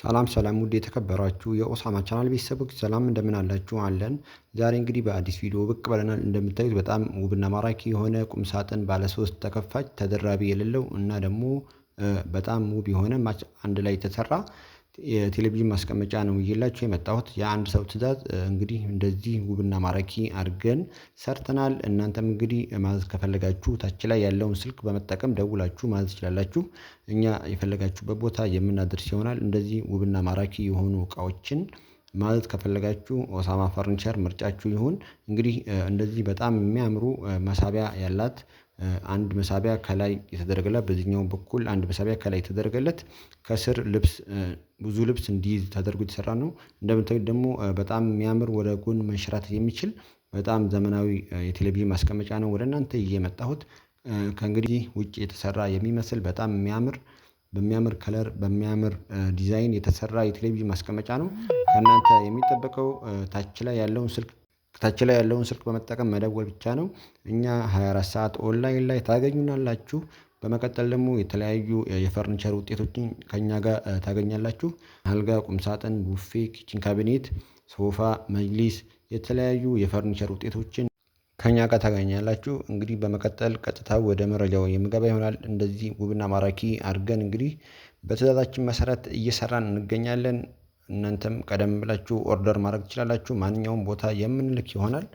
ሰላም ሰላም ውድ የተከበራችሁ የኦሳማ ቻናል ቤተሰቦች ሰላም እንደምን አላችሁ? አለን ዛሬ እንግዲህ በአዲስ ቪዲዮ ብቅ ብለናል። እንደምታዩት በጣም ውብና ማራኪ የሆነ ቁምሳጥን ባለሶስት ተከፋች ተደራቢ የሌለው እና ደግሞ በጣም ውብ የሆነ ማች አንድ ላይ የተሰራ የቴሌቪዥን ማስቀመጫ ነው ይዤላችሁ የመጣሁት የአንድ ሰው ትእዛዝ እንግዲህ እንደዚህ ውብና ማራኪ አድርገን ሰርተናል። እናንተም እንግዲህ ማዘዝ ከፈለጋችሁ ታች ላይ ያለውን ስልክ በመጠቀም ደውላችሁ ማዘዝ ትችላላችሁ። እኛ የፈለጋችሁበት ቦታ የምናደርስ ይሆናል። እንደዚህ ውብና ማራኪ የሆኑ እቃዎችን ማዘዝ ከፈለጋችሁ ኦሳማ ፈርኒቸር ምርጫችሁ ይሁን። እንግዲህ እንደዚህ በጣም የሚያምሩ መሳቢያ ያላት አንድ መሳቢያ ከላይ የተደረገለት በዚህኛው በኩል አንድ መሳቢያ ከላይ የተደረገለት ከስር ልብስ ብዙ ልብስ እንዲይዝ ተደርጎ የተሰራ ነው። እንደምታዩት ደግሞ በጣም የሚያምር ወደ ጎን መንሸራተት የሚችል በጣም ዘመናዊ የቴሌቪዥን ማስቀመጫ ነው ወደ እናንተ እየመጣሁት። ከእንግዲህ ውጭ የተሰራ የሚመስል በጣም የሚያምር በሚያምር ከለር በሚያምር ዲዛይን የተሰራ የቴሌቪዥን ማስቀመጫ ነው። ከእናንተ የሚጠበቀው ታች ላይ ያለውን ስልክ ከታች ላይ ያለውን ስልክ በመጠቀም መደወል ብቻ ነው። እኛ 24 ሰዓት ኦንላይን ላይ ታገኙናላችሁ። በመቀጠል ደግሞ የተለያዩ የፈርኒቸር ውጤቶችን ከኛ ጋር ታገኛላችሁ። አልጋ፣ ቁም ሳጥን፣ ቡፌ፣ ኪችን ካቢኔት፣ ሶፋ፣ መጅሊስ የተለያዩ የፈርኒቸር ውጤቶችን ከኛ ጋር ታገኛላችሁ። እንግዲህ በመቀጠል ቀጥታ ወደ መረጃው የምገባ ይሆናል። እንደዚህ ውብና ማራኪ አድርገን እንግዲህ በትዕዛዛችን መሰረት እየሰራን እንገኛለን። እናንተም ቀደም ብላችሁ ኦርደር ማድረግ ትችላላችሁ። ማንኛውም ቦታ የምንልክ ይሆናል